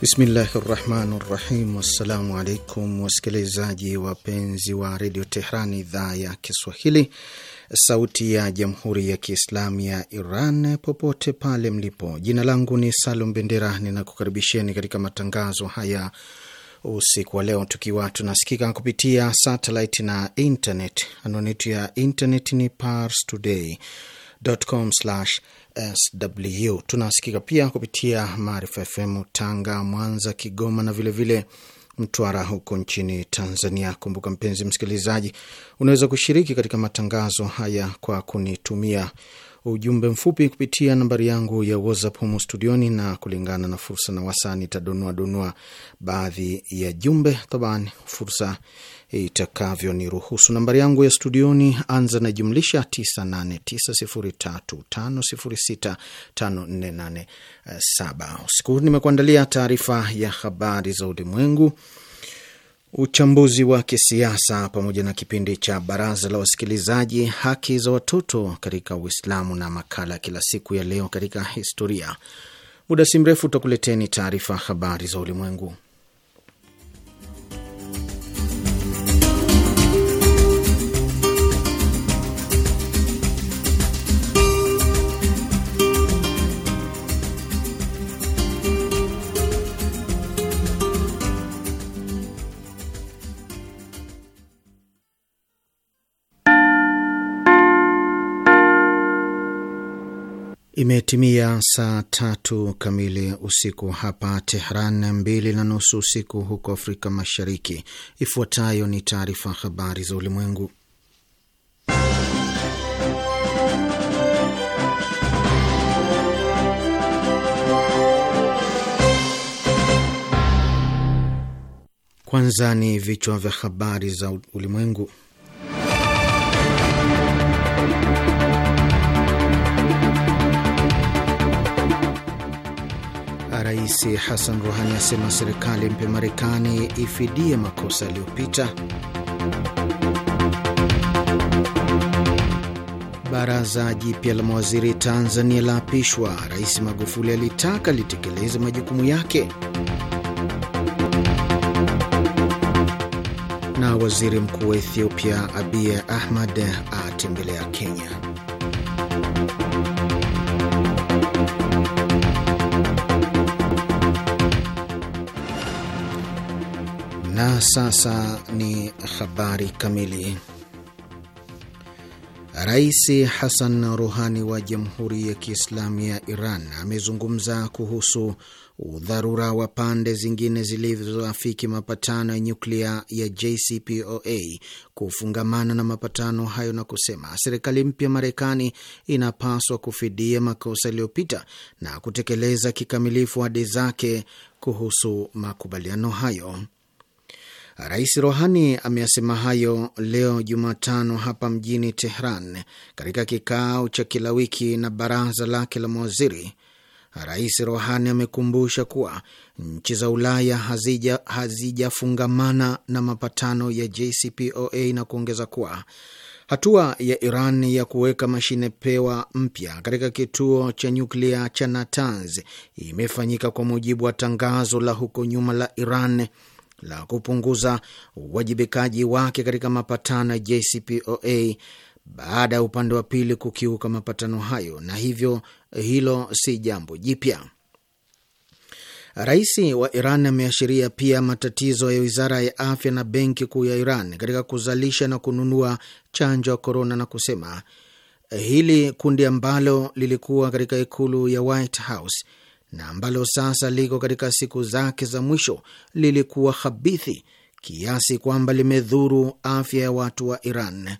Bismillahi rahmani rahim. Wassalamu alaikum wasikilizaji wapenzi wa redio Tehran, idhaa ya Kiswahili, sauti ya jamhuri ya kiislamu ya Iran, popote pale mlipo. Jina langu ni Salum Bendera, ninakukaribisheni katika matangazo haya usiku wa leo, tukiwa tunasikika kupitia satelit na internet. Anwani yetu ya internet ni Pars Today com sw. Tunasikika pia kupitia Maarifa FM Tanga, Mwanza, Kigoma na vilevile Mtwara huko nchini Tanzania. Kumbuka mpenzi msikilizaji, unaweza kushiriki katika matangazo haya kwa kunitumia ujumbe mfupi kupitia nambari yangu ya WhatsApp humu studioni, na kulingana na fursa na wasaa nitadonua donua baadhi ya jumbe taban fursa itakavyoniruhusu. Nambari yangu ya studioni anza na jumlisha 989035065487. Usiku huu nimekuandalia taarifa ya habari za ulimwengu, uchambuzi wa kisiasa, pamoja na kipindi cha baraza la wasikilizaji, haki za watoto katika Uislamu na makala kila siku ya leo katika historia. Muda si mrefu utakuleteni taarifa habari za ulimwengu. Imetimia saa tatu kamili usiku hapa Tehran, mbili na nusu usiku huko Afrika Mashariki. Ifuatayo ni taarifa habari za ulimwengu, kwanza ni vichwa vya habari za ulimwengu. Rais Hassan Rouhani asema serikali mpe Marekani ifidie makosa yaliyopita. Baraza jipya la mawaziri Tanzania laapishwa. Rais Magufuli alitaka litekeleze majukumu yake. Na waziri mkuu wa Ethiopia Abiy Ahmed atembelea Kenya. Na sasa ni habari kamili. Rais Hassan Ruhani wa Jamhuri ya Kiislamu ya Iran amezungumza kuhusu udharura wa pande zingine zilizoafiki mapatano ya nyuklia ya JCPOA kufungamana na mapatano hayo na kusema serikali mpya Marekani inapaswa kufidia makosa yaliyopita na kutekeleza kikamilifu ahadi zake kuhusu makubaliano hayo. Rais Rohani ameyasema hayo leo Jumatano hapa mjini Tehran, katika kikao cha kila wiki na baraza lake la mawaziri. Rais Rohani amekumbusha kuwa nchi za Ulaya hazijafungamana na mapatano ya JCPOA na kuongeza kuwa hatua ya Iran ya kuweka mashine pewa mpya katika kituo cha nyuklia cha Natanz imefanyika kwa mujibu wa tangazo la huko nyuma la Iran la kupunguza uwajibikaji wake katika mapatano ya JCPOA baada ya upande wa pili kukiuka mapatano hayo, na hivyo hilo si jambo jipya. Rais wa Iran ameashiria pia matatizo ya wizara ya afya na benki kuu ya Iran katika kuzalisha na kununua chanjo ya korona na kusema hili kundi ambalo lilikuwa katika ikulu ya White House na ambalo sasa liko katika siku zake za mwisho lilikuwa habithi kiasi kwamba limedhuru afya ya watu wa Iran.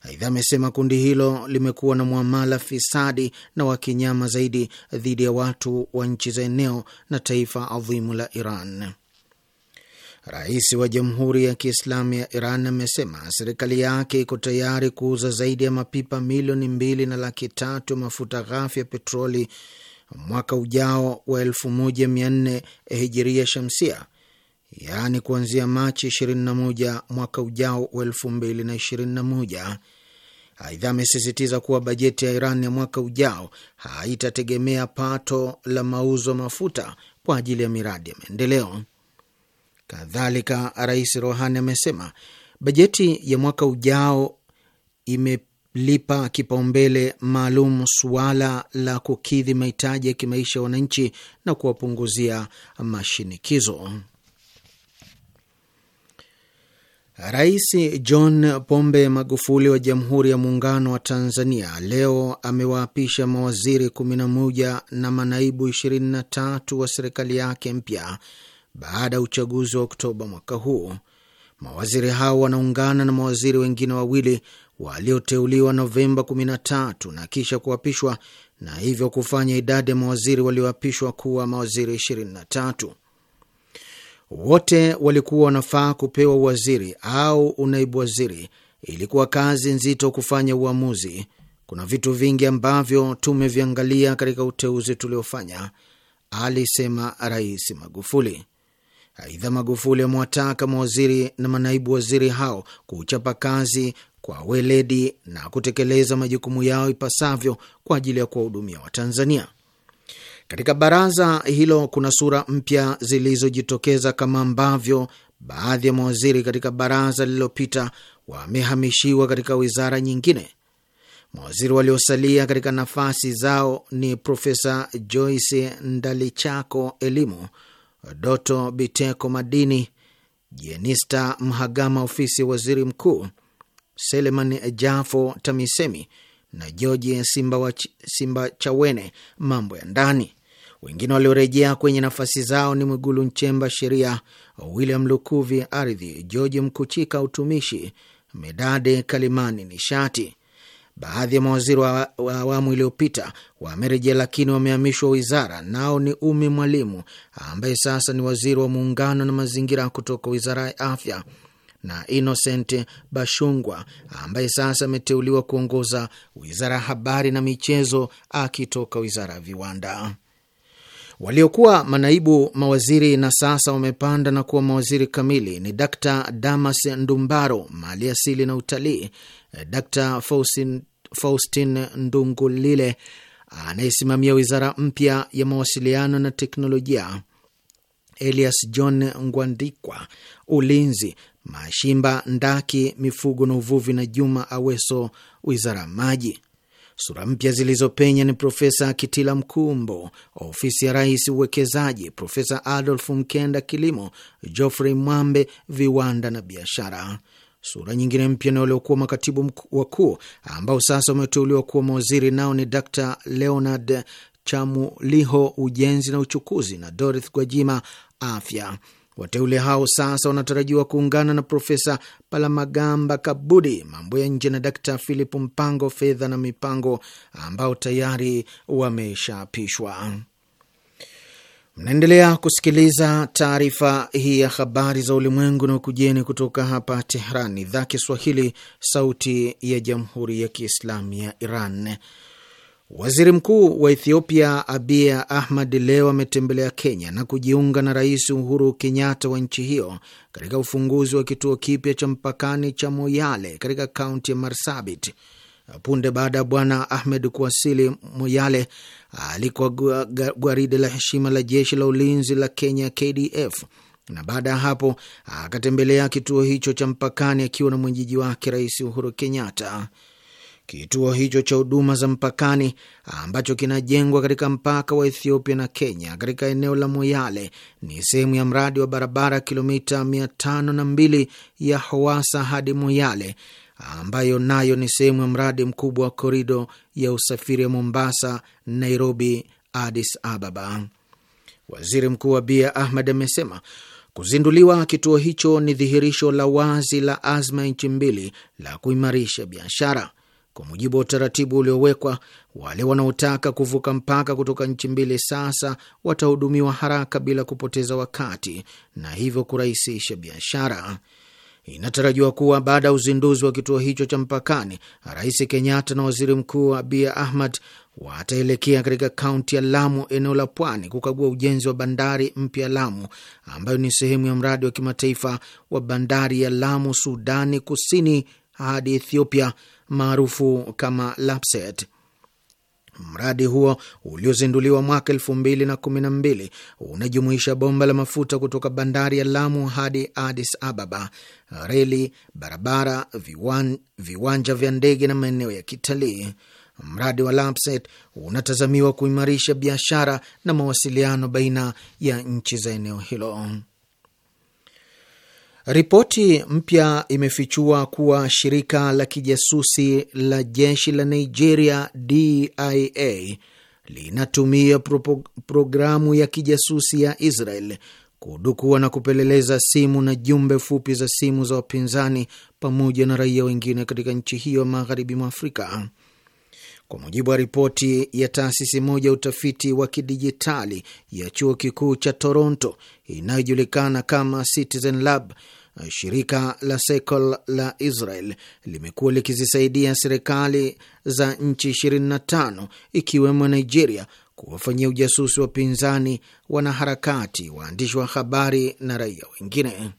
Aidha, amesema kundi hilo limekuwa na mwamala fisadi na wa kinyama zaidi dhidi ya watu wa nchi za eneo na taifa adhimu la Iran. Rais wa Jamhuri ya Kiislamu ya Iran amesema serikali yake iko tayari kuuza zaidi ya mapipa milioni mbili na laki tatu ya mafuta ghafi ya petroli mwaka ujao wa 1400 hijiria shamsia, yaani kuanzia Machi 21 mwaka ujao wa 2021. Aidha, amesisitiza kuwa bajeti ya Iran ya mwaka ujao haitategemea pato la mauzo mafuta kwa ajili ya miradi ya maendeleo. Kadhalika, Rais Rohani amesema bajeti ya mwaka ujao ime lipa kipaumbele maalum suala la kukidhi mahitaji ya kimaisha ya wananchi na kuwapunguzia mashinikizo. Rais John Pombe Magufuli wa Jamhuri ya Muungano wa Tanzania leo amewaapisha mawaziri 11 na manaibu 23 wa serikali yake mpya baada ya uchaguzi wa Oktoba mwaka huu. Mawaziri hao wanaungana na mawaziri wengine wawili walioteuliwa Novemba 13 na kisha kuapishwa na hivyo kufanya idadi ya mawaziri walioapishwa kuwa mawaziri 23. Wote walikuwa wanafaa kupewa uwaziri au unaibu waziri. Ilikuwa kazi nzito kufanya uamuzi. Kuna vitu vingi ambavyo tumeviangalia katika uteuzi tuliofanya, alisema Rais Magufuli. Aidha, Magufuli amewataka mawaziri na manaibu waziri hao kuchapa kazi kwa weledi na kutekeleza majukumu yao ipasavyo kwa ajili ya kuwahudumia Watanzania. Katika baraza hilo kuna sura mpya zilizojitokeza kama ambavyo baadhi ya mawaziri katika baraza lililopita wamehamishiwa katika wizara nyingine. Mawaziri waliosalia katika nafasi zao ni Profesa Joyce Ndalichako, elimu, Doto Biteko, madini, Jenista Mhagama, ofisi ya waziri mkuu, Seleman Jafo TAMISEMI na George Simba wa Simba Chawene mambo ya ndani. Wengine waliorejea kwenye nafasi zao ni Mwigulu Nchemba sheria, William Lukuvi ardhi, George Mkuchika utumishi, Medade Kalimani nishati. Baadhi ya mawaziri wa awamu iliyopita wamerejea, lakini wamehamishwa wizara, nao ni Umi Mwalimu ambaye sasa ni waziri wa muungano na mazingira kutoka wizara ya afya na Innocent Bashungwa ambaye sasa ameteuliwa kuongoza wizara ya habari na michezo akitoka wizara ya viwanda. Waliokuwa manaibu mawaziri na sasa wamepanda na kuwa mawaziri kamili ni Dr Damas Ndumbaro, mali asili na utalii, Dr Faustin, Faustin Ndungulile anayesimamia wizara mpya ya mawasiliano na teknolojia, Elias John Ngwandikwa, ulinzi, Mashimba Ndaki, mifugo na uvuvi, na Juma Aweso, wizara ya maji. Sura mpya zilizopenya ni Profesa Kitila Mkumbo, ofisi ya rais uwekezaji, Profesa Adolf Mkenda kilimo, Geoffrey Mwambe viwanda na biashara. Sura nyingine mpya na waliokuwa makatibu wakuu ambao sasa wameteuliwa kuwa mawaziri nao ni Dr Leonard Chamuliho, ujenzi na uchukuzi, na Dorith Gwajima, afya. Wateule hao sasa wanatarajiwa kuungana na Profesa Palamagamba Kabudi, mambo ya nje, na Dakta Philip Mpango, fedha na mipango, ambao tayari wameshaapishwa. Mnaendelea kusikiliza taarifa hii ya habari za ulimwengu na ukujeni kutoka hapa Tehran, idhaa Kiswahili, sauti ya jamhuri ya kiislamu ya Iran. Waziri mkuu wa Ethiopia Abiy Ahmed leo ametembelea Kenya na kujiunga na Rais Uhuru Kenyatta wa nchi hiyo katika ufunguzi wa kituo kipya cha mpakani cha Moyale katika kaunti ya Marsabit. Punde baada ya Bwana Ahmed kuwasili Moyale, alikuwa gwaride la heshima la jeshi la ulinzi la Kenya, KDF, na baada ya hapo akatembelea kituo hicho cha mpakani akiwa na mwenyeji wake Rais Uhuru Kenyatta. Kituo hicho cha huduma za mpakani ambacho kinajengwa katika mpaka wa Ethiopia na Kenya katika eneo la Moyale ni sehemu ya mradi wa barabara kilomita 52 ya hoasa hadi Moyale ambayo nayo ni sehemu ya mradi mkubwa wa korido ya usafiri ya Mombasa, Nairobi, Addis Ababa. Waziri Mkuu Abiy Ahmed amesema kuzinduliwa kituo hicho ni dhihirisho la wazi la azma ya nchi mbili la kuimarisha biashara. Kwa mujibu wa utaratibu uliowekwa, wale wanaotaka kuvuka mpaka kutoka nchi mbili sasa watahudumiwa haraka bila kupoteza wakati na hivyo kurahisisha biashara. Inatarajiwa kuwa baada ya uzinduzi wa kituo hicho cha mpakani, Rais Kenyatta na Waziri Mkuu Abiy Ahmed wataelekea katika kaunti ya Lamu, eneo la Pwani, kukagua ujenzi wa bandari mpya Lamu, ambayo ni sehemu ya mradi wa kimataifa wa bandari ya Lamu, Sudani Kusini hadi Ethiopia maarufu kama Lapset. Mradi huo uliozinduliwa mwaka elfu mbili na kumi na mbili unajumuisha bomba la mafuta kutoka bandari ya Lamu hadi Addis Ababa, reli, barabara, viwan, viwanja vya ndege na maeneo ya kitalii. Mradi wa Lapset unatazamiwa kuimarisha biashara na mawasiliano baina ya nchi za eneo hilo. Ripoti mpya imefichua kuwa shirika la kijasusi la jeshi la Nigeria DIA linatumia programu ya kijasusi ya Israel kudukua na kupeleleza simu na jumbe fupi za simu za wapinzani pamoja na raia wengine katika nchi hiyo magharibi mwa Afrika. Kwa mujibu wa ripoti ya taasisi moja ya utafiti wa kidijitali ya chuo kikuu cha Toronto inayojulikana kama Citizen Lab, shirika la Sekol la Israel limekuwa likizisaidia serikali za nchi 25 ikiwemo Nigeria kuwafanyia ujasusi wapinzani, wanaharakati, waandishi wa habari na raia wengine.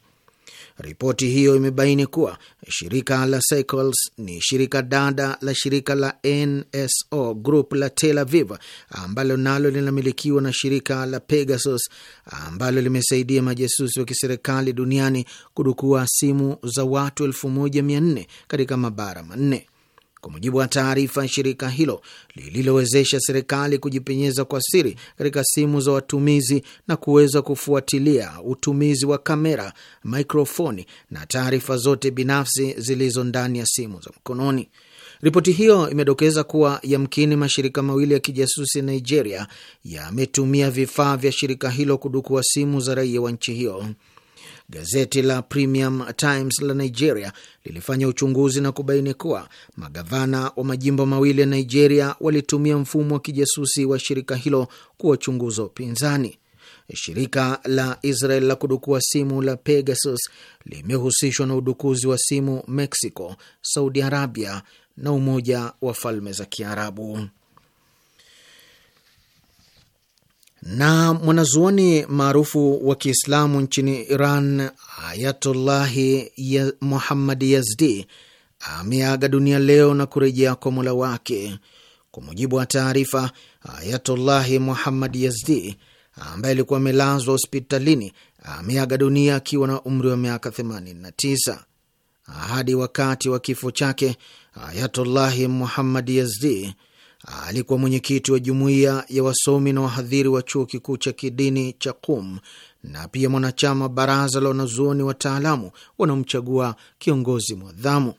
Ripoti hiyo imebaini kuwa shirika la Cycles ni shirika dada la shirika la NSO Group la Tel Aviv ambalo nalo linamilikiwa na shirika la Pegasus ambalo limesaidia majasusi wa kiserikali duniani kudukua simu za watu 14 katika mabara manne. Kwa mujibu wa taarifa ya shirika hilo lililowezesha serikali kujipenyeza kwa siri katika simu za watumizi na kuweza kufuatilia utumizi wa kamera, mikrofoni na taarifa zote binafsi zilizo ndani ya simu za mkononi. Ripoti hiyo imedokeza kuwa yamkini mashirika mawili ya kijasusi Nigeria yametumia vifaa vya shirika hilo kudukua simu za raia wa nchi hiyo. Gazeti la Premium Times la Nigeria lilifanya uchunguzi na kubaini kuwa magavana wa majimbo mawili ya Nigeria walitumia mfumo wa kijasusi wa shirika hilo kuwachunguza upinzani. Shirika la Israel la kudukua simu la Pegasus limehusishwa na udukuzi wa simu Mexico, Saudi Arabia na Umoja wa Falme za Kiarabu. Na mwanazuoni maarufu wa Kiislamu nchini Iran Ayatullahi ya Muhammad Yazdi ameaga dunia leo na kurejea kwa mola wake. Kwa mujibu wa taarifa, Ayatullahi Muhammad Yazdi ambaye alikuwa amelazwa hospitalini ameaga dunia akiwa na umri wa miaka 89. Hadi wakati wa kifo chake Ayatullahi Muhammad Yazdi alikuwa mwenyekiti wa jumuiya ya wasomi na wahadhiri wa chuo kikuu cha kidini cha Qum na pia mwanachama baraza la wanazuoni wataalamu wanaomchagua kiongozi mwadhamu.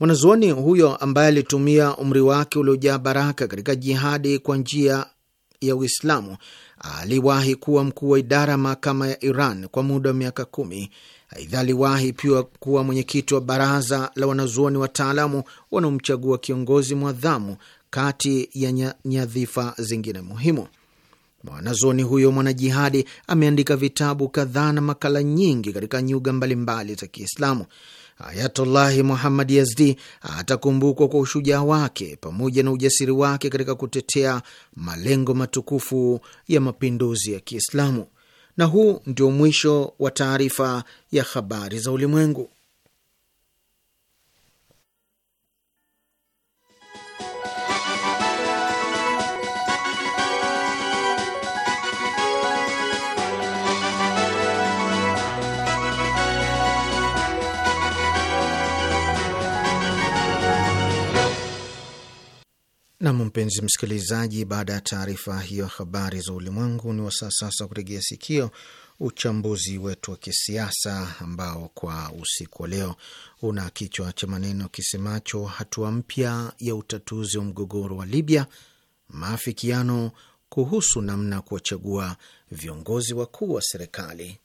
Mwanazuoni huyo ambaye alitumia umri wake uliojaa baraka katika jihadi kwa njia ya Uislamu aliwahi kuwa mkuu wa idara ya mahakama ya Iran kwa muda wa miaka kumi. Aidha, aliwahi pia kuwa mwenyekiti wa baraza la wanazuoni wataalamu wanaomchagua kiongozi mwadhamu kati ya nyadhifa zingine muhimu. Mwanazuoni huyo mwanajihadi ameandika vitabu kadhaa na makala nyingi katika nyuga mbalimbali za Kiislamu. Ayatullahi Muhammad Yazdi atakumbukwa kwa ushujaa wake pamoja na ujasiri wake katika kutetea malengo matukufu ya mapinduzi ya Kiislamu. Na huu ndio mwisho wa taarifa ya habari za ulimwengu. Nam, mpenzi msikilizaji, baada ya taarifa hiyo habari za ulimwengu, ni wasaa sasa kutegea sikio uchambuzi wetu wa kisiasa ambao kwa usiku wa leo una kichwa cha maneno kisemacho hatua mpya ya utatuzi wa mgogoro wa Libya, maafikiano kuhusu namna kuwachagua viongozi wakuu wa serikali.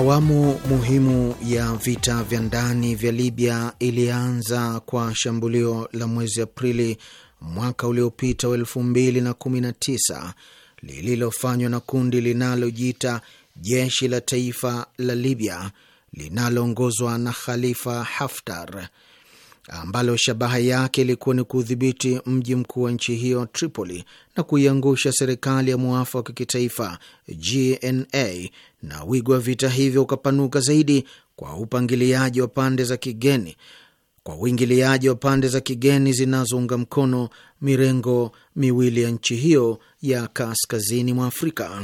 Awamu muhimu ya vita vya ndani vya Libya ilianza kwa shambulio la mwezi Aprili mwaka uliopita wa elfu mbili na kumi na tisa lililofanywa na kundi linalojiita jeshi la taifa la Libya linaloongozwa na Khalifa Haftar ambalo shabaha yake ilikuwa ni kuudhibiti mji mkuu wa nchi hiyo Tripoli na kuiangusha serikali ya mwafaka wa kitaifa GNA, na wigo wa vita hivyo ukapanuka zaidi kwa upangiliaji wa pande za kigeni kwa uingiliaji wa pande za kigeni zinazounga mkono mirengo miwili ya nchi hiyo ya kaskazini mwa Afrika.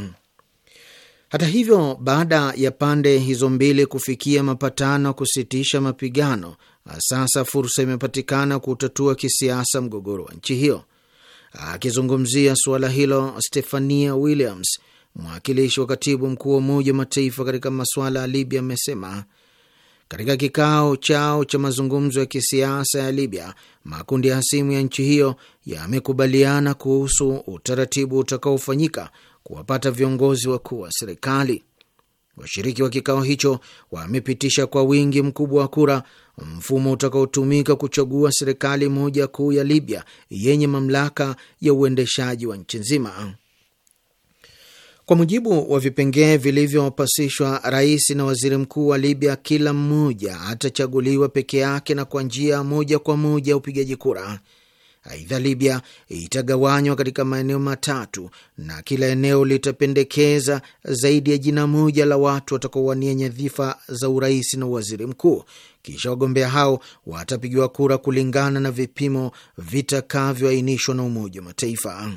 Hata hivyo, baada ya pande hizo mbili kufikia mapatano kusitisha mapigano na sasa fursa imepatikana kutatua kisiasa mgogoro wa nchi hiyo. Akizungumzia suala hilo, Stefania Williams, mwakilishi wa katibu mkuu wa Umoja wa Mataifa katika masuala ya Libya, amesema katika kikao chao cha mazungumzo ya kisiasa ya Libya, makundi ya hasimu ya nchi hiyo yamekubaliana kuhusu utaratibu utakaofanyika kuwapata viongozi wakuu wa serikali. Washiriki wa kikao hicho wamepitisha kwa wingi mkubwa wa kura mfumo utakaotumika kuchagua serikali moja kuu ya Libya yenye mamlaka ya uendeshaji wa nchi nzima. Kwa mujibu wa vipengee vilivyopasishwa, rais na waziri mkuu wa Libya kila mmoja atachaguliwa peke yake na kwa njia moja kwa moja ya upigaji kura. Aidha, Libya itagawanywa katika maeneo matatu na kila eneo litapendekeza zaidi ya jina moja la watu watakaowania nyadhifa za urais na uwaziri mkuu. Kisha wagombea hao watapigiwa kura kulingana na vipimo vitakavyoainishwa na Umoja wa Mataifa.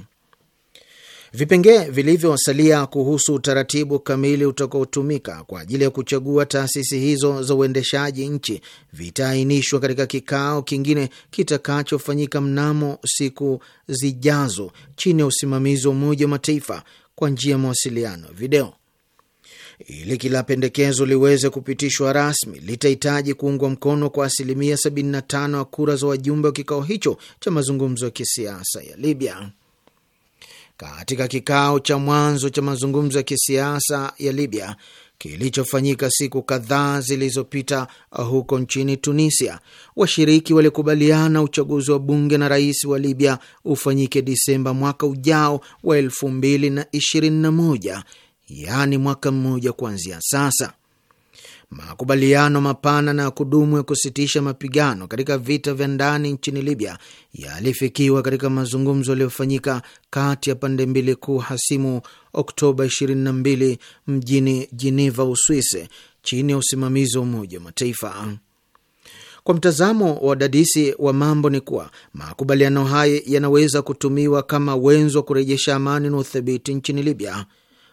Vipengee vilivyosalia kuhusu utaratibu kamili utakaotumika kwa ajili ya kuchagua taasisi hizo za uendeshaji nchi vitaainishwa katika kikao kingine kitakachofanyika mnamo siku zijazo chini ya usimamizi wa Umoja wa Mataifa kwa njia ya mawasiliano ya video. Ili kila pendekezo liweze kupitishwa rasmi, litahitaji kuungwa mkono kwa asilimia 75 ya kura za wajumbe wa kikao hicho cha mazungumzo ya kisiasa ya Libya katika kikao cha mwanzo cha mazungumzo ya kisiasa ya Libya kilichofanyika siku kadhaa zilizopita huko nchini Tunisia, washiriki walikubaliana uchaguzi wa bunge na rais wa Libya ufanyike Disemba mwaka ujao wa 221 yaani mwaka mmoja kuanzia sasa. Makubaliano mapana na ya kudumu ya kusitisha mapigano katika vita vya ndani nchini Libya yalifikiwa katika mazungumzo yaliyofanyika kati ya pande mbili kuu hasimu Oktoba 22 mjini Jeneva, Uswisi, chini ya usimamizi wa Umoja wa Mataifa. Kwa mtazamo wa wadadisi wa mambo ni kuwa makubaliano haya yanaweza kutumiwa kama wenzo wa kurejesha amani na uthabiti nchini Libya.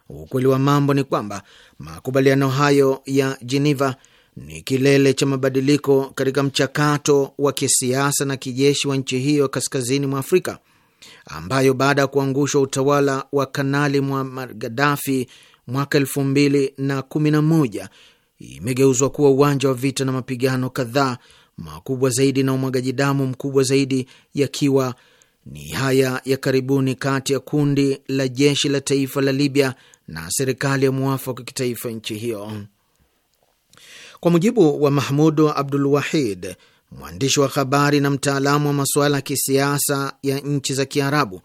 Ukweli wa mambo ni kwamba makubaliano hayo ya Geneva ni kilele cha mabadiliko katika mchakato wa kisiasa na kijeshi wa nchi hiyo kaskazini mwa Afrika ambayo baada ya kuangushwa utawala wa Kanali Muammar Gaddafi mwaka elfu mbili na kumi na moja imegeuzwa kuwa uwanja wa vita na mapigano kadhaa makubwa zaidi na umwagaji damu mkubwa zaidi, yakiwa ni haya ya karibuni kati ya kundi la jeshi la taifa la Libya na serikali ya mwafaka kitaifa nchi hiyo. Kwa mujibu wa Mahmudu Abdul Wahid, mwandishi wa habari na mtaalamu wa masuala ya kisiasa ya nchi za Kiarabu,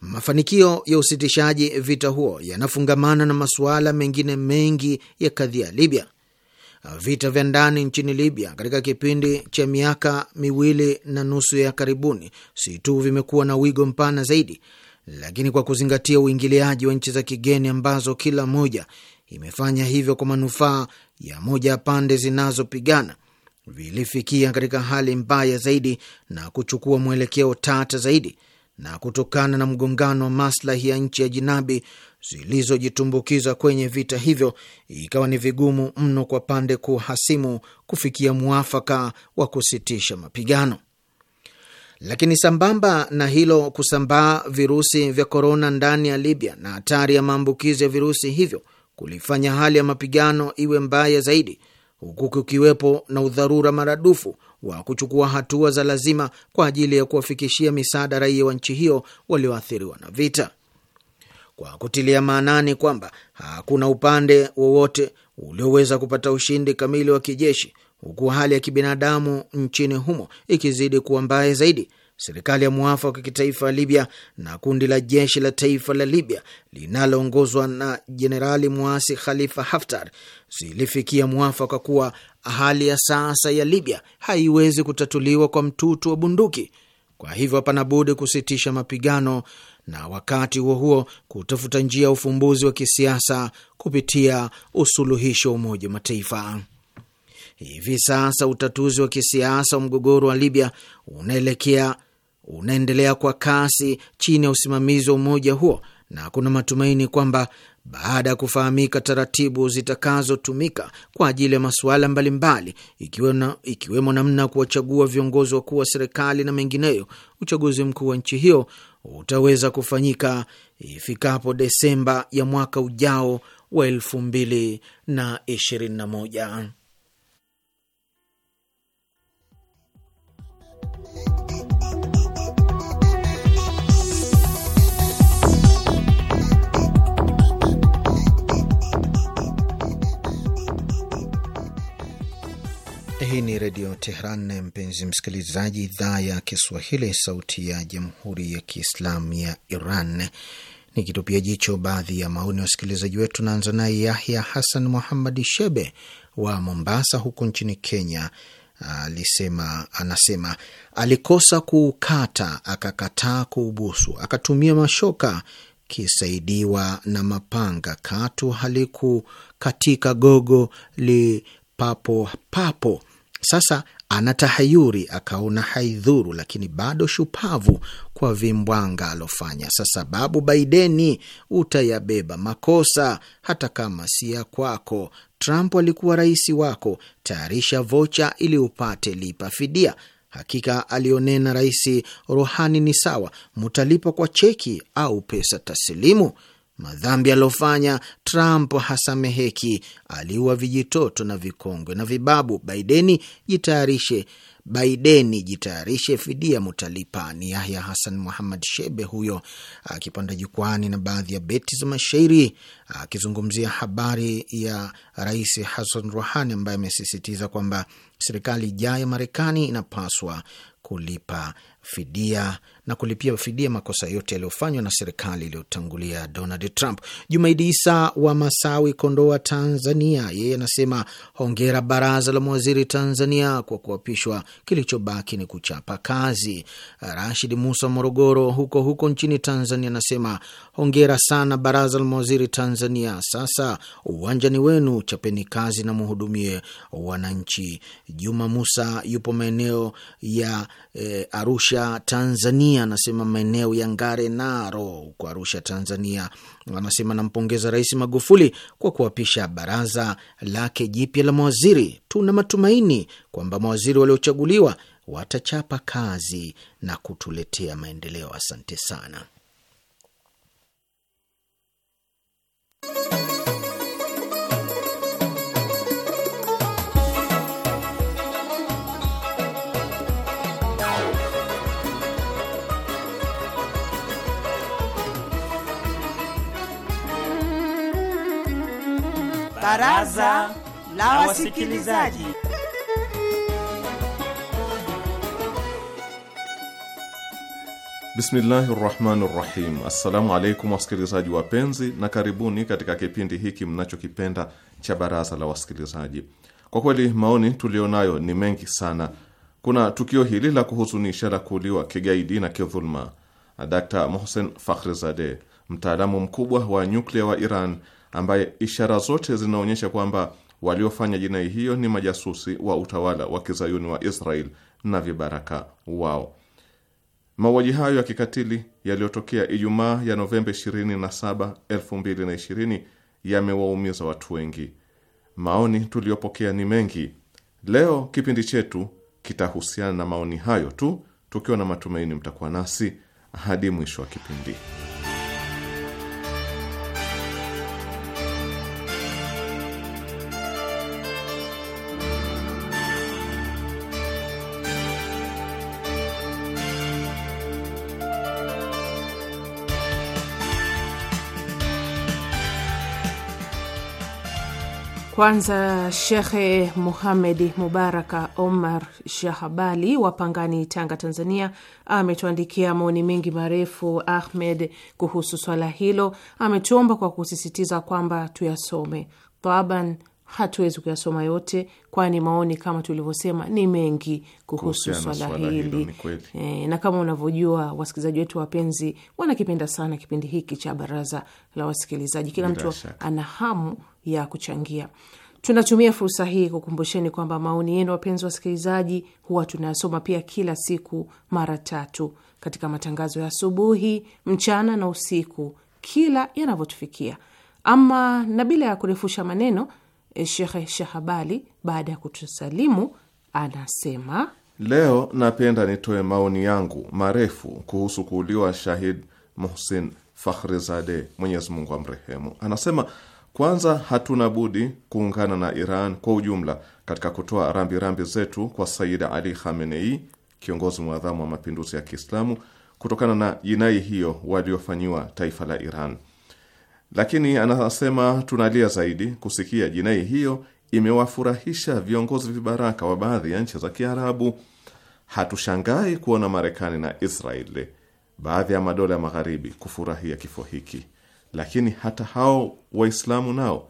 mafanikio ya usitishaji vita huo yanafungamana na masuala mengine mengi ya kadhia Libya. Vita vya ndani nchini Libya katika kipindi cha miaka miwili na nusu ya karibuni si tu vimekuwa na wigo mpana zaidi, lakini kwa kuzingatia uingiliaji wa nchi za kigeni ambazo kila moja imefanya hivyo kwa manufaa ya moja ya pande zinazopigana vilifikia katika hali mbaya zaidi na kuchukua mwelekeo tata zaidi, na kutokana na mgongano wa maslahi ya nchi ya jinabi zilizojitumbukiza kwenye vita hivyo, ikawa ni vigumu mno kwa pande kuu hasimu kufikia mwafaka wa kusitisha mapigano. Lakini sambamba na hilo, kusambaa virusi vya korona ndani ya Libya na hatari ya maambukizi ya virusi hivyo kulifanya hali ya mapigano iwe mbaya zaidi, huku kukiwepo na udharura maradufu wa kuchukua hatua za lazima kwa ajili ya kuwafikishia misaada raia wa nchi hiyo walioathiriwa na vita, kwa kutilia maanani kwamba hakuna upande wowote ulioweza kupata ushindi kamili wa kijeshi huku hali ya kibinadamu nchini humo ikizidi kuwa mbaya zaidi. Serikali ya mwafaka ya kitaifa ya Libya na kundi la jeshi la taifa la Libya linaloongozwa na jenerali mwasi Khalifa Haftar zilifikia mwafaka kuwa hali ya sasa ya Libya haiwezi kutatuliwa kwa mtutu wa bunduki. Kwa hivyo hapana budi kusitisha mapigano na wakati huo huo kutafuta njia ya ufumbuzi wa kisiasa kupitia usuluhisho wa Umoja wa Mataifa. Hivi sasa utatuzi wa kisiasa wa mgogoro wa Libya unaelekea unaendelea kwa kasi chini ya usimamizi wa umoja huo, na kuna matumaini kwamba baada ya kufahamika taratibu zitakazotumika kwa ajili ya masuala mbalimbali ikiwemo namna ya kuwachagua viongozi wakuu wa serikali na mengineyo, uchaguzi mkuu wa nchi hiyo utaweza kufanyika ifikapo Desemba ya mwaka ujao wa elfu mbili na ishirini na moja. Hii ni Redio Tehran, mpenzi msikilizaji, idhaa ya Kiswahili, sauti ya Jamhuri ya Kiislamu ya Iran. Nikitupia jicho baadhi ya maoni ya wasikilizaji wetu, naanza naye Yahya Hasan Muhammad Shebe wa Mombasa huko nchini Kenya. Alisema, anasema alikosa kuukata, akakataa kuubusu, akatumia mashoka, kisaidiwa na mapanga, katu halikukatika gogo li papo papo sasa ana tahayuri, akaona haidhuru, lakini bado shupavu kwa vimbwanga alofanya. Sasa babu Baideni, utayabeba makosa hata kama si ya kwako. Trump alikuwa rais wako, tayarisha vocha ili upate lipa fidia. Hakika aliyonena Rais Rohani ni sawa, mutalipa kwa cheki au pesa taslimu. Madhambi aliofanya Trump hasameheki. Aliua vijitoto na vikongwe na vibabu. Baideni jitayarishe, Baideni jitayarishe, fidia mutalipa. Ni Yahya Hasan Muhammad Shebe huyo akipanda jukwani na baadhi ya beti za mashairi akizungumzia habari ya Rais Hassan Rouhani ambaye amesisitiza kwamba serikali ijayo ya Marekani inapaswa kulipa fidia na kulipia fidia makosa yote yaliyofanywa na serikali iliyotangulia Donald Trump. Jumaidi Isa wa Masawi, Kondoa, Tanzania, yeye anasema hongera baraza la mawaziri Tanzania kwa kuapishwa, kilichobaki ni kuchapa kazi. Rashid Musa Morogoro, huko huko nchini Tanzania, anasema hongera sana baraza la mawaziri Tanzania, sasa uwanja ni wenu, chapeni kazi na muhudumie wananchi. Juma Musa yupo maeneo ya e, Arusha, Tanzania Tanzania, anasema maeneo ya Ngare Naro huko Arusha, Tanzania. Anasema nampongeza Rais Magufuli kwa kuapisha baraza lake jipya la mawaziri. Tuna matumaini kwamba mawaziri waliochaguliwa watachapa kazi na kutuletea maendeleo. Asante sana. Baraza la Wasikilizaji. Bismillahi rahmani rahim. Assalamu alaikum wasikilizaji wapenzi, na karibuni katika kipindi hiki mnachokipenda cha baraza la wasikilizaji. Kwa kweli maoni tulionayo ni mengi sana. Kuna tukio hili la kuhuzunisha la kuuliwa kigaidi na kidhuluma Dr Mohsen Fakhrizadeh, mtaalamu mkubwa wa nyuklia wa Iran ambaye ishara zote zinaonyesha kwamba waliofanya jinai hiyo ni majasusi wa utawala wa kizayuni wa Israel na vibaraka wao. Mauaji hayo ya kikatili yaliyotokea Ijumaa ya Novemba 27, 2020 yamewaumiza watu wengi. Maoni tuliyopokea ni mengi. Leo kipindi chetu kitahusiana na maoni hayo tu, tukiwa na matumaini mtakuwa nasi hadi mwisho wa kipindi. Kwanza Shekhe Muhamedi Mubaraka Omar Shahabali wa Pangani, Tanga, Tanzania, ametuandikia maoni mengi marefu Ahmed kuhusu swala hilo. Ametuomba kwa kusisitiza kwamba tuyasome taban hatuwezi kuyasoma yote, kwani maoni kama tulivyosema ni mengi kuhusu swala hili e, na kama unavyojua wasikilizaji wetu wapenzi wanakipenda sana kipindi hiki cha baraza la wasikilizaji. Kila mtu ana hamu ya kuchangia. Tunatumia fursa hii kukumbusheni kwamba maoni yenu, wapenzi wasikilizaji, huwa tunayasoma pia kila siku mara tatu katika matangazo ya asubuhi, mchana na usiku, kila yanavyotufikia. Ama na bila ya kurefusha maneno Eh, Shekhe Shahabali baada ya kutusalimu anasema leo napenda nitoe maoni yangu marefu kuhusu kuuliwa shahid Muhsin Fakhrizade, Mwenyezi Mungu amrehemu. Anasema kwanza, hatuna budi kuungana na Iran kwa ujumla katika kutoa rambirambi zetu kwa Sayyid Ali Khamenei, kiongozi mwadhamu wa mapinduzi ya Kiislamu, kutokana na jinai hiyo waliofanyiwa taifa la Iran. Lakini anasema tunalia zaidi kusikia jinai hiyo imewafurahisha viongozi vibaraka wa baadhi ya nchi za Kiarabu. Hatushangai kuona Marekani na Israeli, baadhi ya madola ya magharibi kufurahia kifo hiki, lakini hata hao Waislamu nao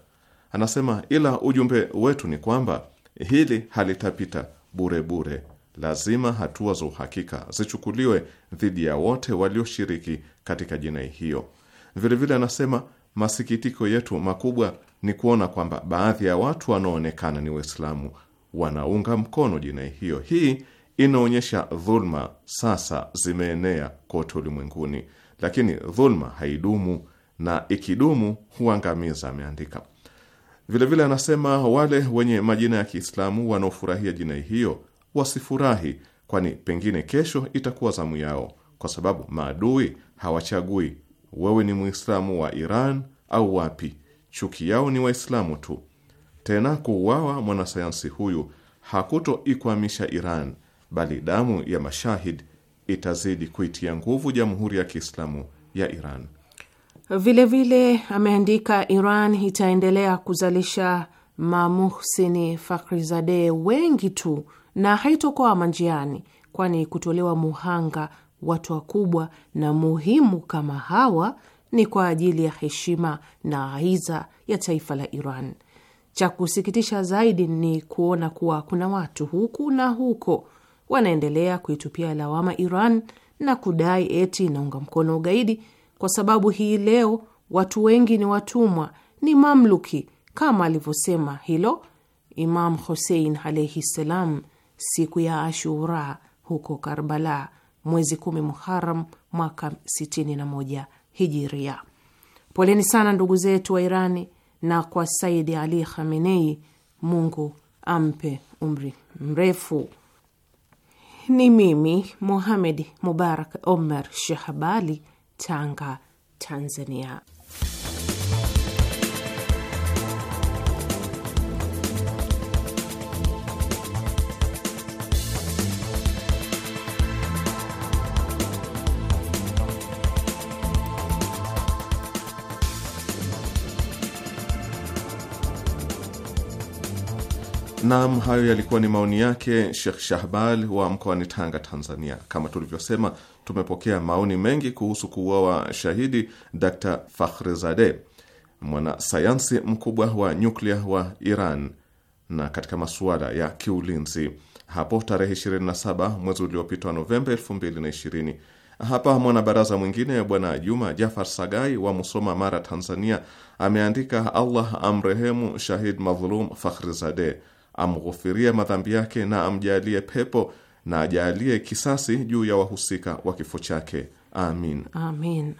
anasema, ila ujumbe wetu ni kwamba hili halitapita bure bure. Lazima hatua za uhakika zichukuliwe dhidi ya wote walioshiriki katika jinai hiyo. Vilevile anasema masikitiko yetu makubwa ni kuona kwamba baadhi ya watu wanaoonekana ni Waislamu wanaunga mkono jinai hiyo. Hii inaonyesha dhulma sasa zimeenea kote ulimwenguni, lakini dhulma haidumu, na ikidumu huangamiza, ameandika. Vilevile anasema wale wenye majina ya Kiislamu wanaofurahia jinai hiyo wasifurahi, kwani pengine kesho itakuwa zamu yao, kwa sababu maadui hawachagui wewe ni Mwislamu wa Iran au wapi? Chuki yao ni Waislamu tu. Tena kuuawa mwanasayansi huyu hakutoikwamisha Iran, bali damu ya mashahid itazidi kuitia nguvu Jamhuri ya Kiislamu ya Iran. Vilevile vile, ameandika Iran itaendelea kuzalisha Mamuhsini Fakhrizadeh wengi tu na haitokoa manjiani, kwani kutolewa muhanga watu wakubwa na muhimu kama hawa ni kwa ajili ya heshima na aiza ya taifa la Iran. Cha kusikitisha zaidi ni kuona kuwa kuna watu huku na huko wanaendelea kuitupia lawama Iran na kudai eti inaunga mkono ugaidi, kwa sababu hii leo watu wengi ni watumwa, ni mamluki, kama alivyosema hilo Imam husein alaihi ssalam siku ya Ashura huko Karbala mwezi kumi Muharam mwaka 61 Hijiria. Poleni sana ndugu zetu wa Irani na kwa Saidi Ali Khamenei, Mungu ampe umri mrefu. Ni mimi muhamed Mubarak Omar Shahabali, Tanga, Tanzania. Naam, hayo yalikuwa ni maoni yake shekh Shahbal wa mkoani Tanga, Tanzania. Kama tulivyosema, tumepokea maoni mengi kuhusu kuuawa shahidi Dr Fakhrizadeh, mwanasayansi mkubwa wa nyuklia wa Iran na katika masuala ya kiulinzi hapo tarehe 27 mwezi uliopita wa Novemba 2020. Hapa mwanabaraza mwingine Bwana Juma Jafar Sagai wa Musoma, Mara, Tanzania ameandika, Allah amrehemu shahid madhulum Fakhrizadeh amghufirie madhambi yake na amjalie pepo na ajalie kisasi juu ya wahusika wa kifo chake. Amin, amin.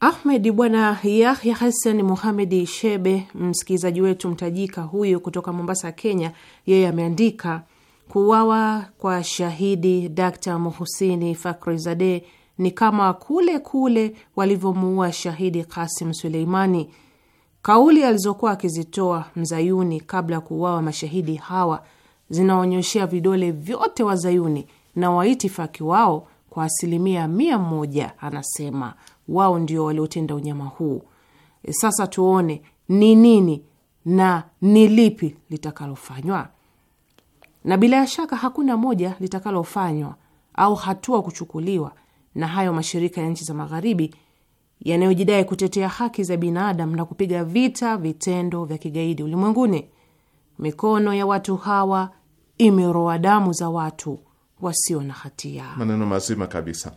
Ahmed Bwana Yahya Hassan Muhamedi Shebe, msikilizaji wetu mtajika huyu kutoka Mombasa, Kenya, yeye ameandika kuwawa kwa shahidi Dkta Muhusini Fakhrizadeh ni kama kule kule walivyomuua shahidi Kasim Suleimani. Kauli alizokuwa akizitoa mzayuni kabla ya kuuawa mashahidi hawa zinaonyeshea vidole vyote wazayuni na waitifaki wao kwa asilimia mia moja. Anasema wao ndio waliotenda unyama huu. E, sasa tuone ni nini na ni lipi litakalofanywa, na bila shaka hakuna moja litakalofanywa au hatua kuchukuliwa na hayo mashirika ya nchi za Magharibi yanayojidai kutetea haki za binadamu na kupiga vita vitendo vya kigaidi ulimwenguni. Mikono ya watu hawa imeroa damu za watu wasio na hatia. Maneno mazima kabisa.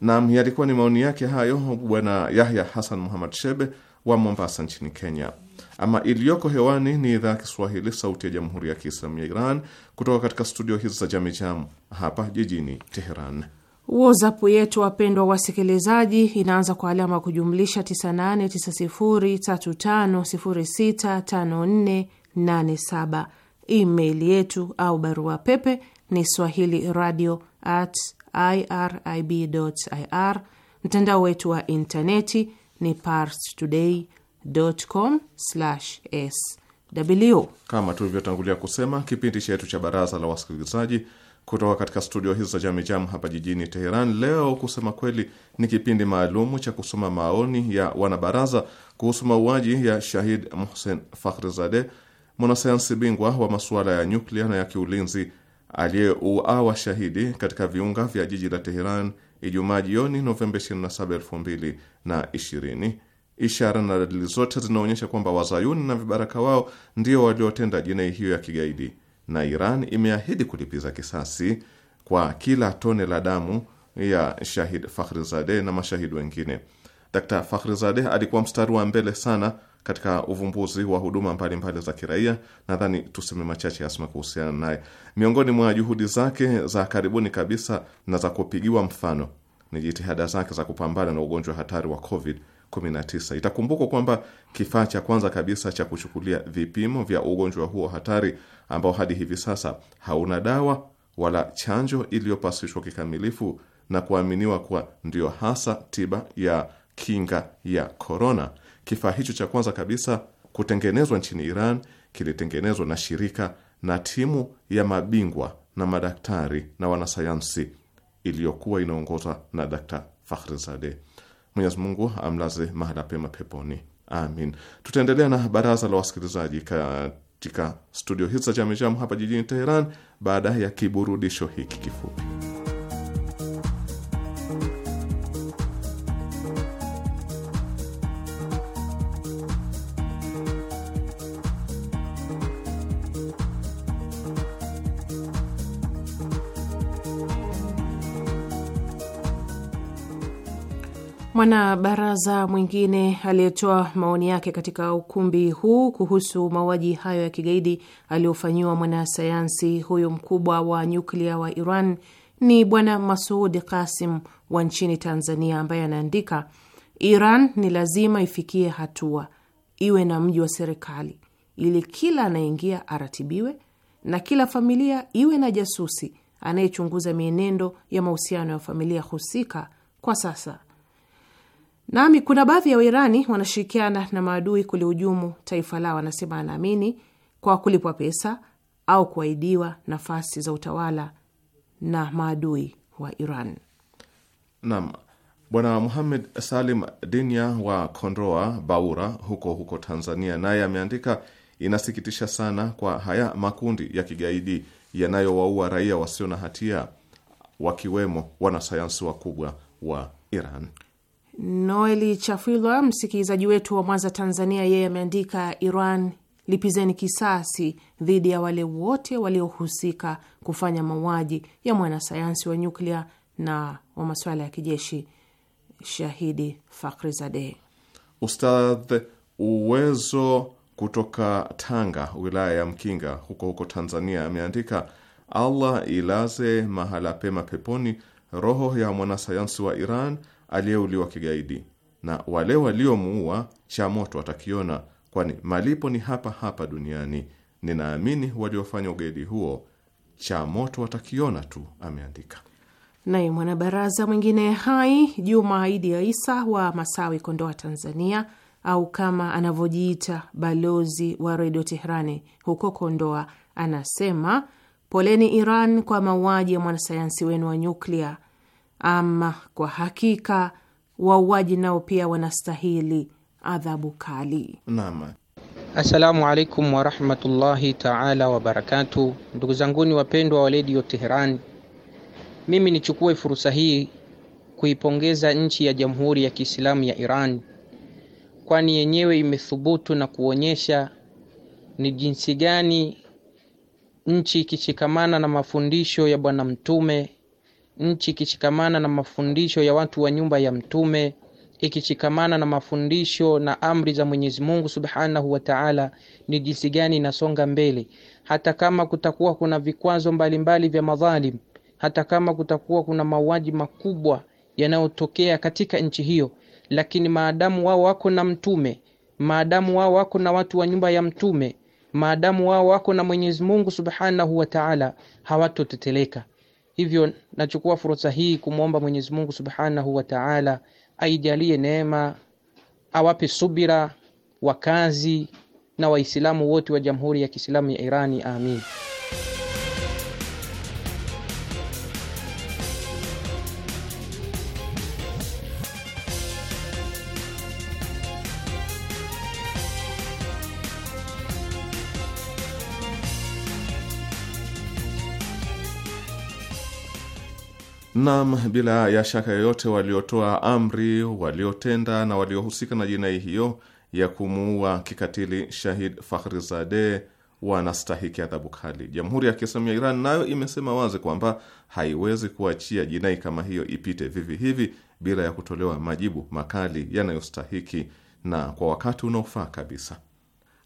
Nam, yalikuwa ni maoni yake hayo Bwana Yahya Hasan Muhamad Shebe wa Mombasa nchini Kenya. Ama iliyoko hewani ni idhaa ya Kiswahili, Sauti ya Jamhuri ya Kiislamu ya Iran, kutoka katika studio hizi za Jamijamu hapa jijini Teheran. WhatsApp yetu wapendwa wasikilizaji, inaanza kwa alama ya kujumlisha 989035065487. Email yetu au barua pepe ni swahili radio at irib ir. Mtandao wetu wa intaneti ni Pars Today com sw. Kama tulivyotangulia kusema, kipindi chetu cha baraza la wasikilizaji kutoka katika studio hizo za Jamijam hapa jijini Teheran. Leo kusema kweli, ni kipindi maalumu cha kusoma maoni ya wanabaraza kuhusu mauaji ya Shahid Mohsen Fakhrizade, mwanasayansi bingwa wa masuala ya nyuklia na ya kiulinzi aliyeuawa shahidi katika viunga vya jiji la Teheran Ijumaa jioni Novemba 27, 2020. Ishara na dalili zote zinaonyesha kwamba wazayuni na vibaraka wao ndio waliotenda jinai hiyo ya kigaidi na Iran imeahidi kulipiza kisasi kwa kila tone la damu ya Shahid Fakhrizadeh na mashahidi wengine. Dr. Fakhrizadeh alikuwa mstari wa mbele sana katika uvumbuzi wa huduma mbalimbali za kiraia. Nadhani tuseme machache Asma kuhusiana naye. Miongoni mwa juhudi zake za karibuni kabisa na za kupigiwa mfano ni jitihada zake za kupambana na ugonjwa hatari wa COVID 19. Itakumbukwa kwamba kifaa cha kwanza kabisa cha kuchukulia vipimo vya ugonjwa huo hatari ambao hadi hivi sasa hauna dawa wala chanjo iliyopasishwa kikamilifu na kuaminiwa kuwa ndiyo hasa tiba ya kinga ya korona. Kifaa hicho cha kwanza kabisa kutengenezwa nchini Iran kilitengenezwa na shirika na timu ya mabingwa na madaktari na wanasayansi iliyokuwa inaongozwa na Dr. Fakhrizadeh. Mwenyezi Mungu amlaze mahala pema peponi, amin. Tutaendelea na baraza la wasikilizaji katika studio hizi za Jamijamu hapa jijini Teheran baada ya kiburudisho hiki kifupi. Mwanabaraza mwingine aliyetoa maoni yake katika ukumbi huu kuhusu mauaji hayo ya kigaidi aliyofanyiwa mwanasayansi huyu mkubwa wa nyuklia wa Iran ni Bwana Masudi Kasim wa nchini Tanzania, ambaye anaandika, Iran ni lazima ifikie hatua iwe na mji wa serikali ili kila anayeingia aratibiwe na kila familia iwe na jasusi anayechunguza mienendo ya mahusiano ya familia husika. Kwa sasa Nami kuna baadhi ya Wairani wanashirikiana na maadui kulihujumu taifa lao, anasema anaamini, kwa kulipwa pesa au kuahidiwa nafasi za utawala na maadui wa Iran. Naam. Bwana Muhamed Salim Dinya wa Kondoa Baura huko huko Tanzania naye ameandika, inasikitisha sana kwa haya makundi ya kigaidi yanayowaua raia wasio na hatia wakiwemo wanasayansi wakubwa wa Iran. Noeli chafilwa msikilizaji wetu wa Mwanza, Tanzania, yeye ameandika Iran lipizeni kisasi dhidi ya wale wote waliohusika kufanya mauaji ya mwanasayansi wa nyuklia na wa masuala ya kijeshi shahidi Fakhrizadeh. Ustadh Uwezo kutoka Tanga, wilaya ya Mkinga, huko huko Tanzania, ameandika Allah ilaze mahala pema peponi roho ya mwanasayansi wa Iran aliyeuliwa kigaidi, na wale waliomuua cha moto watakiona, kwani malipo ni hapa hapa duniani. Ninaamini waliofanya ugaidi huo cha moto watakiona tu, ameandika. Naye mwanabaraza mwingine hai Juma Idi ya Isa wa Masawi, Kondoa, Tanzania, au kama anavyojiita balozi wa redio Teherani huko Kondoa, anasema poleni Iran kwa mauaji ya mwanasayansi wenu wa nyuklia ama kwa hakika wauaji nao pia wanastahili adhabu kali. Naam. Assalamu alaikum warahmatullahi taala wabarakatu, ndugu zanguni wapendwa wa redio Teheran, mimi nichukue fursa hii kuipongeza nchi ya Jamhuri ya Kiislamu ya Iran, kwani yenyewe imethubutu na kuonyesha ni jinsi gani nchi ikishikamana na mafundisho ya Bwana Mtume nchi ikishikamana na mafundisho ya watu wa nyumba ya mtume ikishikamana na mafundisho na amri za mwenyezi mungu subhanahu wa taala ni jinsi gani inasonga mbele hata kama kutakuwa kuna vikwazo mbalimbali vya madhalim hata kama kutakuwa kuna mauaji makubwa yanayotokea katika nchi hiyo lakini maadamu wao wako na mtume maadamu wao wako na watu wa nyumba ya mtume maadamu wao wako na mwenyezi mungu subhanahu wa taala hawatoteteleka hivyo nachukua fursa hii kumwomba mwenyezi mungu subhanahu wa taala aijalie neema awape subira wakazi na waislamu wote wa jamhuri ya kiislamu ya irani amin Naam, bila ya shaka yoyote, waliotoa amri, waliotenda na waliohusika na jinai hiyo ya kumuua kikatili Shahid zade wanastahiki adhabu kali. Jamhuri ya Kiislamu ya Iran nayo imesema wazi kwamba haiwezi kuachia jinai kama hiyo ipite vivi hivi bila ya kutolewa majibu makali yanayostahiki na kwa wakati unaofaa kabisa.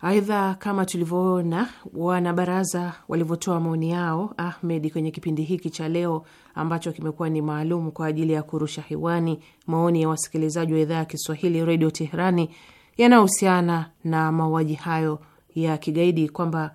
Aidha, kama tulivyoona wanabaraza walivyotoa maoni yao, Ahmed, kwenye kipindi hiki cha leo ambacho kimekuwa ni maalum kwa ajili ya kurusha hewani maoni ya wasikilizaji wa idhaa ya Kiswahili Redio Teherani yanayohusiana na mauaji hayo ya kigaidi kwamba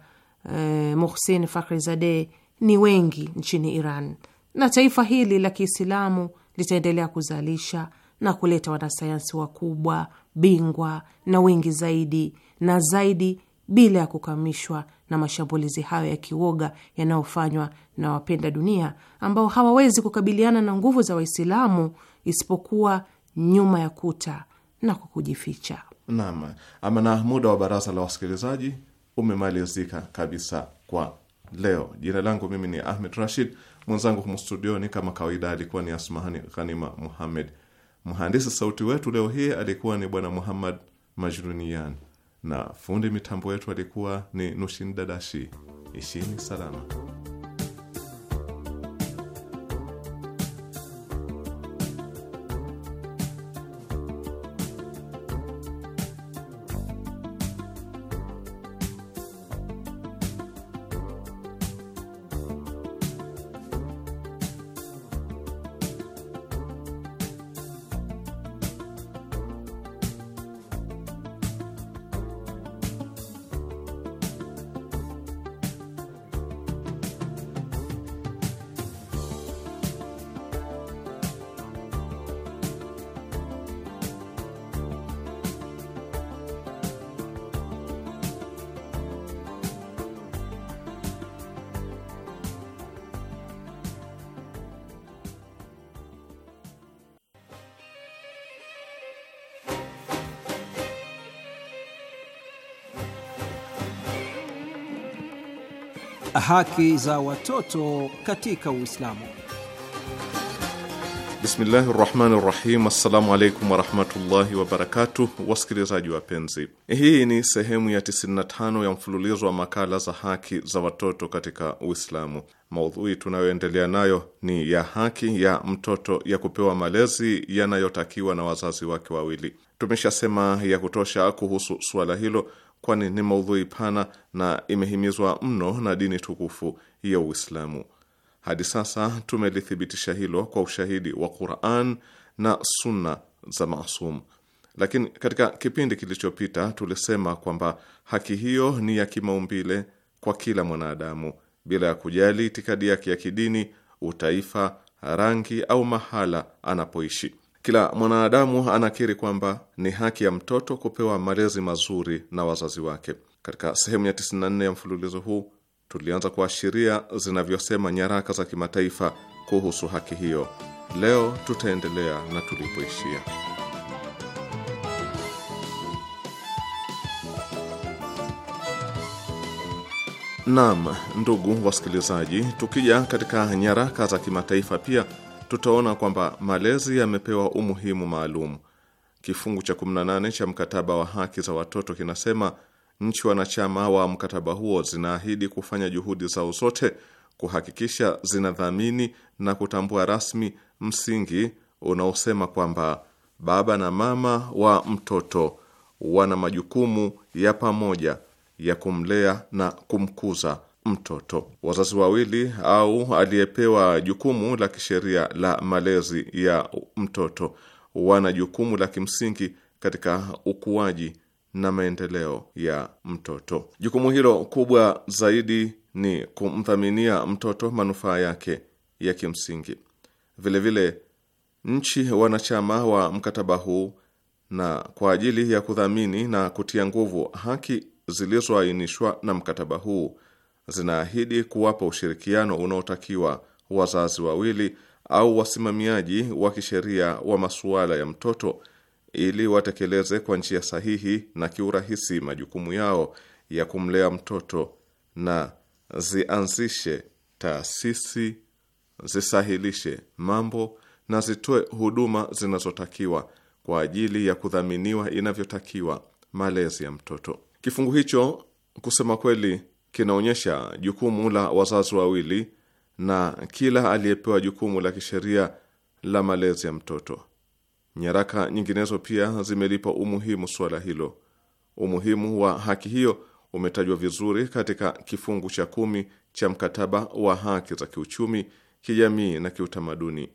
eh, Muhsin zade ni wengi nchini Iran na taifa hili la Kiislamu litaendelea kuzalisha na kuleta wanasayansi wakubwa, bingwa na wengi zaidi na zaidi bila ya kukamishwa na mashambulizi hayo ya kiwoga yanayofanywa na wapenda dunia ambao hawawezi kukabiliana na nguvu za Waislamu isipokuwa nyuma ya kuta na kwa kujificha. Naam, ama na muda wa baraza la wasikilizaji umemalizika kabisa kwa leo. Jina langu mimi ni Ahmed Rashid, mwenzangu humu studioni kama kawaida alikuwa ni Asmahani Ghanima Muhammed. Mhandisi sauti wetu leo hii alikuwa ni Bwana Muhammad Majruniani na fundi mitambo yetu alikuwa ni Nushin Dadashi. Ishini salama. Haki za watoto katika Uislamu. Bismillahi rahmani rahim. Assalamu alaikum warahmatullahi wabarakatu, Wasikilizaji wapenzi, hii ni sehemu ya 95 ya mfululizo wa makala za haki za watoto katika Uislamu. Maudhui tunayoendelea nayo ni ya haki ya mtoto ya kupewa malezi yanayotakiwa na wazazi wake wawili. Tumeshasema ya kutosha kuhusu suala hilo kwani ni maudhui pana na imehimizwa mno na dini tukufu ya Uislamu. Hadi sasa tumelithibitisha hilo kwa ushahidi wa Quran na sunna za masum. Lakini katika kipindi kilichopita tulisema kwamba haki hiyo ni ya kimaumbile kwa kila mwanadamu bila ya kujali itikadi yake ya kidini, utaifa, rangi au mahala anapoishi. Kila mwanadamu anakiri kwamba ni haki ya mtoto kupewa malezi mazuri na wazazi wake. Katika sehemu ya 94 ya mfululizo huu tulianza kuashiria zinavyosema nyaraka za kimataifa kuhusu haki hiyo. Leo tutaendelea na tulipoishia. Naam, ndugu wasikilizaji, tukija katika nyaraka za kimataifa pia tutaona kwamba malezi yamepewa umuhimu maalum. Kifungu cha 18 cha mkataba wa haki za watoto kinasema nchi wanachama wa mkataba huo zinaahidi kufanya juhudi zao zote kuhakikisha zinadhamini na kutambua rasmi msingi unaosema kwamba baba na mama wa mtoto wana majukumu ya pamoja ya kumlea na kumkuza mtoto. Wazazi wawili au aliyepewa jukumu la kisheria la malezi ya mtoto wana jukumu la kimsingi katika ukuaji na maendeleo ya mtoto. Jukumu hilo kubwa zaidi ni kumdhaminia mtoto manufaa yake ya kimsingi. Vilevile vile, nchi wanachama wa mkataba huu na kwa ajili ya kudhamini na kutia nguvu haki zilizoainishwa na mkataba huu zinaahidi kuwapa ushirikiano unaotakiwa wazazi wawili au wasimamiaji wa kisheria wa masuala ya mtoto ili watekeleze kwa njia sahihi na kiurahisi majukumu yao ya kumlea mtoto na zianzishe taasisi, zisahilishe mambo na zitoe huduma zinazotakiwa kwa ajili ya kudhaminiwa inavyotakiwa malezi ya mtoto. Kifungu hicho kusema kweli kinaonyesha jukumu la wazazi wawili na kila aliyepewa jukumu la kisheria la malezi ya mtoto. Nyaraka nyinginezo pia zimelipa umuhimu suala hilo. Umuhimu wa haki hiyo umetajwa vizuri katika kifungu cha kumi cha mkataba wa haki za kiuchumi, kijamii na kiutamaduni.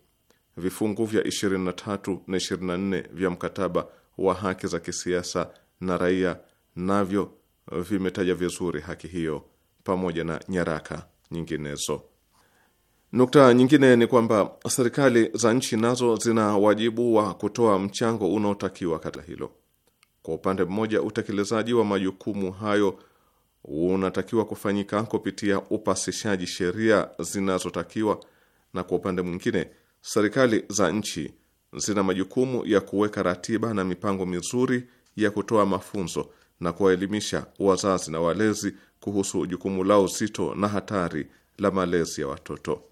Vifungu vya 23 na 24 vya mkataba wa haki za kisiasa na raia navyo vimetaja vizuri haki hiyo pamoja na nyaraka nyinginezo. Nukta nyingine ni kwamba serikali za nchi nazo zina wajibu wa kutoa mchango unaotakiwa katika hilo. Kwa upande mmoja, utekelezaji wa majukumu hayo unatakiwa kufanyika kupitia upasishaji sheria zinazotakiwa, na kwa upande mwingine, serikali za nchi zina majukumu ya kuweka ratiba na mipango mizuri ya kutoa mafunzo na kuwaelimisha wazazi na walezi kuhusu jukumu lao zito na hatari la malezi ya watoto.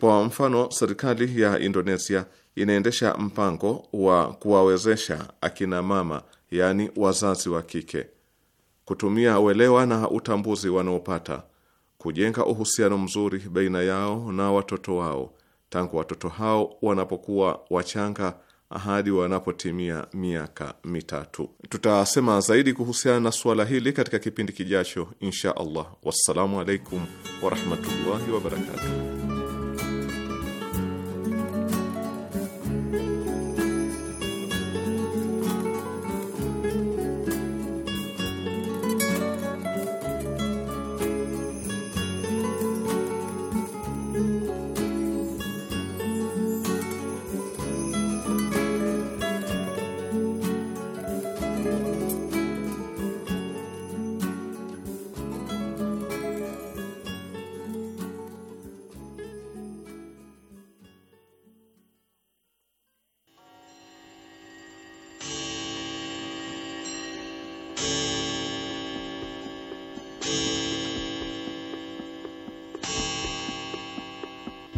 Kwa mfano, serikali ya Indonesia inaendesha mpango wa kuwawezesha akina mama, yaani wazazi wa kike, kutumia uelewa na utambuzi wanaopata kujenga uhusiano mzuri baina yao na watoto wao tangu watoto hao wanapokuwa wachanga hadi wanapotimia miaka mitatu. Tutasema zaidi kuhusiana na suala hili katika kipindi kijacho, insha Allah. Wassalamu alaikum warahmatullahi wabarakatuh.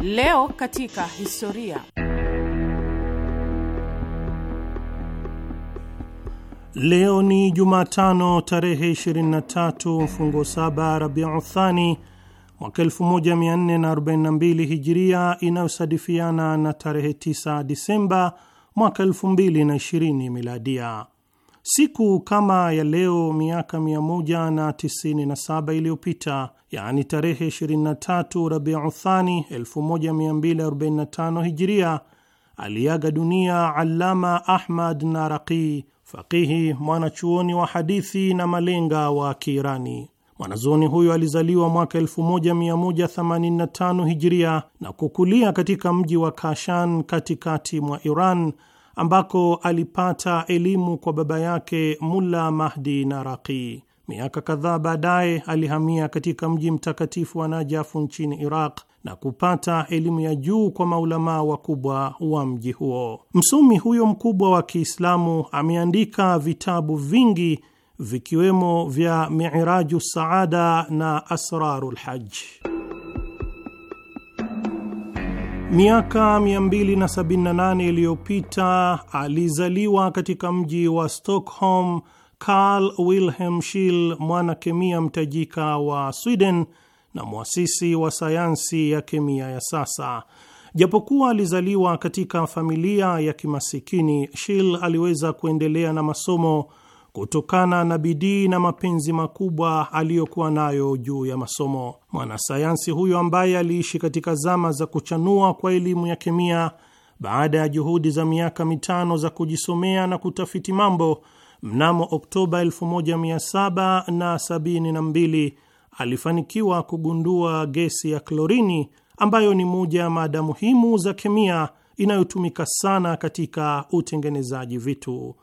Leo katika historia. Leo ni Jumatano tarehe 23 mfungo 7 Rabiu Thani mwaka 1442 Hijiria, inayosadifiana na tarehe 9 Disemba mwaka 2020 Miladia. Siku kama ya leo miaka 197 iliyopita, yaani tarehe 23 Rabiu Thani 1245 Hijiria, aliaga dunia Allama Ahmad Naraqi, faqihi, mwanachuoni wa hadithi na malenga wa Kiirani. Mwanazuoni huyo alizaliwa mwaka 1185 Hijiria na kukulia katika mji wa Kashan katikati mwa Iran ambako alipata elimu kwa baba yake Mulla Mahdi Naraqi. Miaka kadhaa baadaye alihamia katika mji mtakatifu wa Najafu nchini Iraq na kupata elimu ya juu kwa maulamaa wakubwa wa mji huo. Msomi huyo mkubwa wa Kiislamu ameandika vitabu vingi vikiwemo vya Miraju Saada na Asraru Lhaji. Miaka 278 iliyopita alizaliwa katika mji wa Stockholm Carl Wilhelm mwana kemia mtajika wa Sweden na mwasisi wa sayansi ya kemia ya sasa. Japokuwa alizaliwa katika familia ya kimasikini, Scheele aliweza kuendelea na masomo kutokana na bidii na mapenzi makubwa aliyokuwa nayo juu ya masomo. Mwanasayansi huyo ambaye aliishi katika zama za kuchanua kwa elimu ya kemia, baada ya juhudi za miaka mitano za kujisomea na kutafiti mambo, mnamo Oktoba 1772 alifanikiwa kugundua gesi ya klorini ambayo ni moja ya mada muhimu za kemia inayotumika sana katika utengenezaji vitu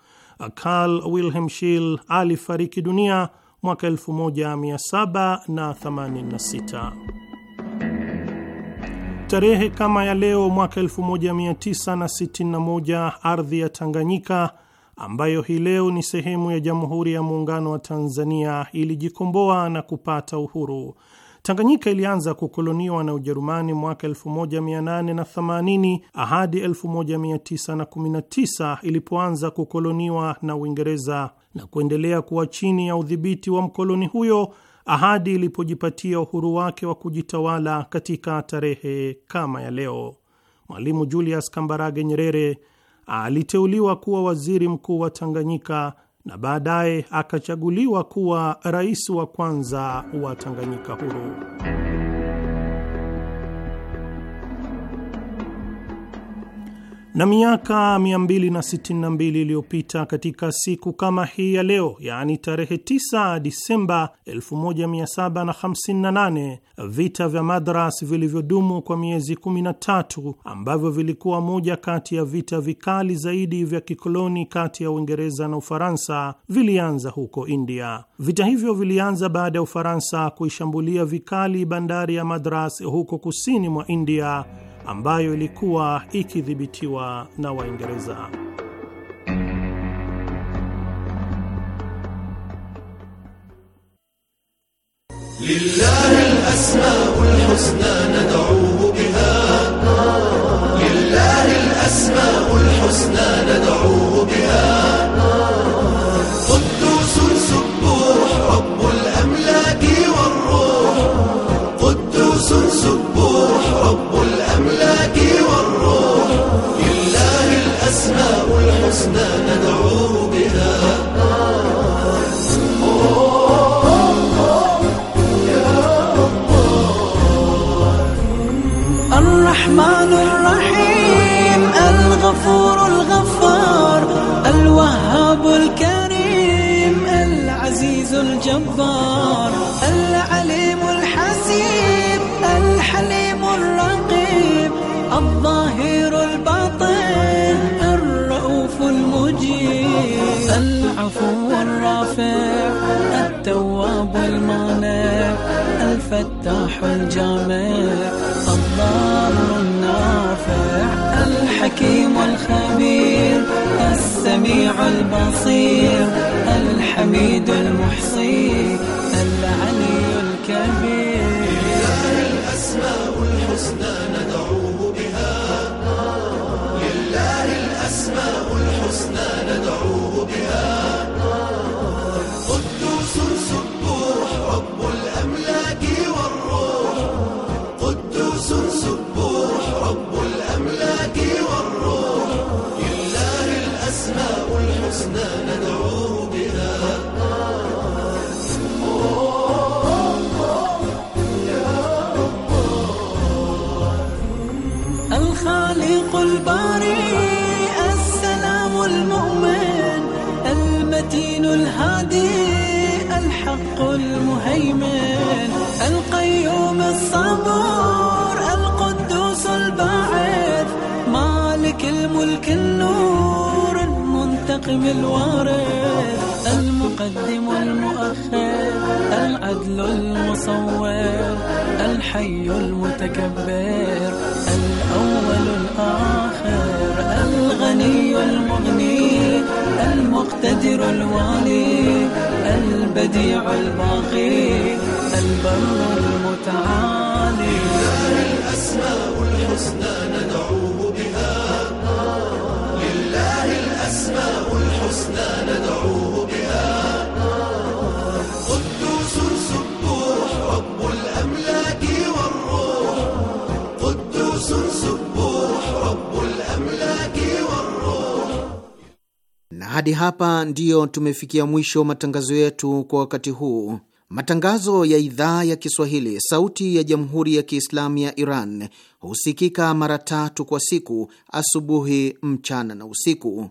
karl Wilhelm Schill alifariki dunia mwaka 1786. Tarehe kama ya leo mwaka 1961 ardhi ya Tanganyika ambayo hii leo ni sehemu ya Jamhuri ya Muungano wa Tanzania ilijikomboa na kupata uhuru Tanganyika ilianza kukoloniwa na Ujerumani mwaka 1880 hadi 1919 ilipoanza kukoloniwa na Uingereza na kuendelea kuwa chini ya udhibiti wa mkoloni huyo ahadi ilipojipatia uhuru wake wa kujitawala katika tarehe kama ya leo. Mwalimu Julius Kambarage Nyerere aliteuliwa kuwa waziri mkuu wa Tanganyika na baadaye akachaguliwa kuwa rais wa kwanza wa Tanganyika huru. na miaka 262 iliyopita katika siku kama hii ya leo, yaani tarehe 9 Disemba 1758, vita vya Madras vilivyodumu kwa miezi 13 ambavyo vilikuwa moja kati ya vita vikali zaidi vya kikoloni kati ya Uingereza na Ufaransa vilianza huko India. Vita hivyo vilianza baada ya Ufaransa kuishambulia vikali bandari ya Madras huko kusini mwa India ambayo ilikuwa ikidhibitiwa na Waingereza. الحسنى ندعو بها الرحمن الرحيم الغفور الغفار الوهاب الكريم العزيز الجبار التواب المانع الفتاح الجامع الله النافع الحكيم الخبير السميع البصير الحميد المحصي العلي الكبير لله الأسماء الحسنى ندعوه بها لله الأسماء الحسنى ندعوه بها لسنا ندعوه بها الخالق الباري السلام المؤمن المتين الهادي الحق المهيمن القيوم الصبور القدوس الباعث مالك الملك النور الحاكم الوارث المقدم المؤخر العدل المصور الحي المتكبر الأول الآخر الغني المغني المقتدر الوالي البديع الباقي البر المتعالي لله الأسماء الحسنى ندعوه بها الأسماء الحسنى ندعوه بها قدوس سبوح رب الأملاك والروح قدوس سبوح رب الأملاك والروح na hadi hapa ndiyo tumefikia mwisho matangazo yetu kwa wakati huu. Matangazo ya idhaa ya Kiswahili sauti ya jamhuri ya Kiislamu ya Iran husikika mara tatu kwa siku: asubuhi, mchana na usiku.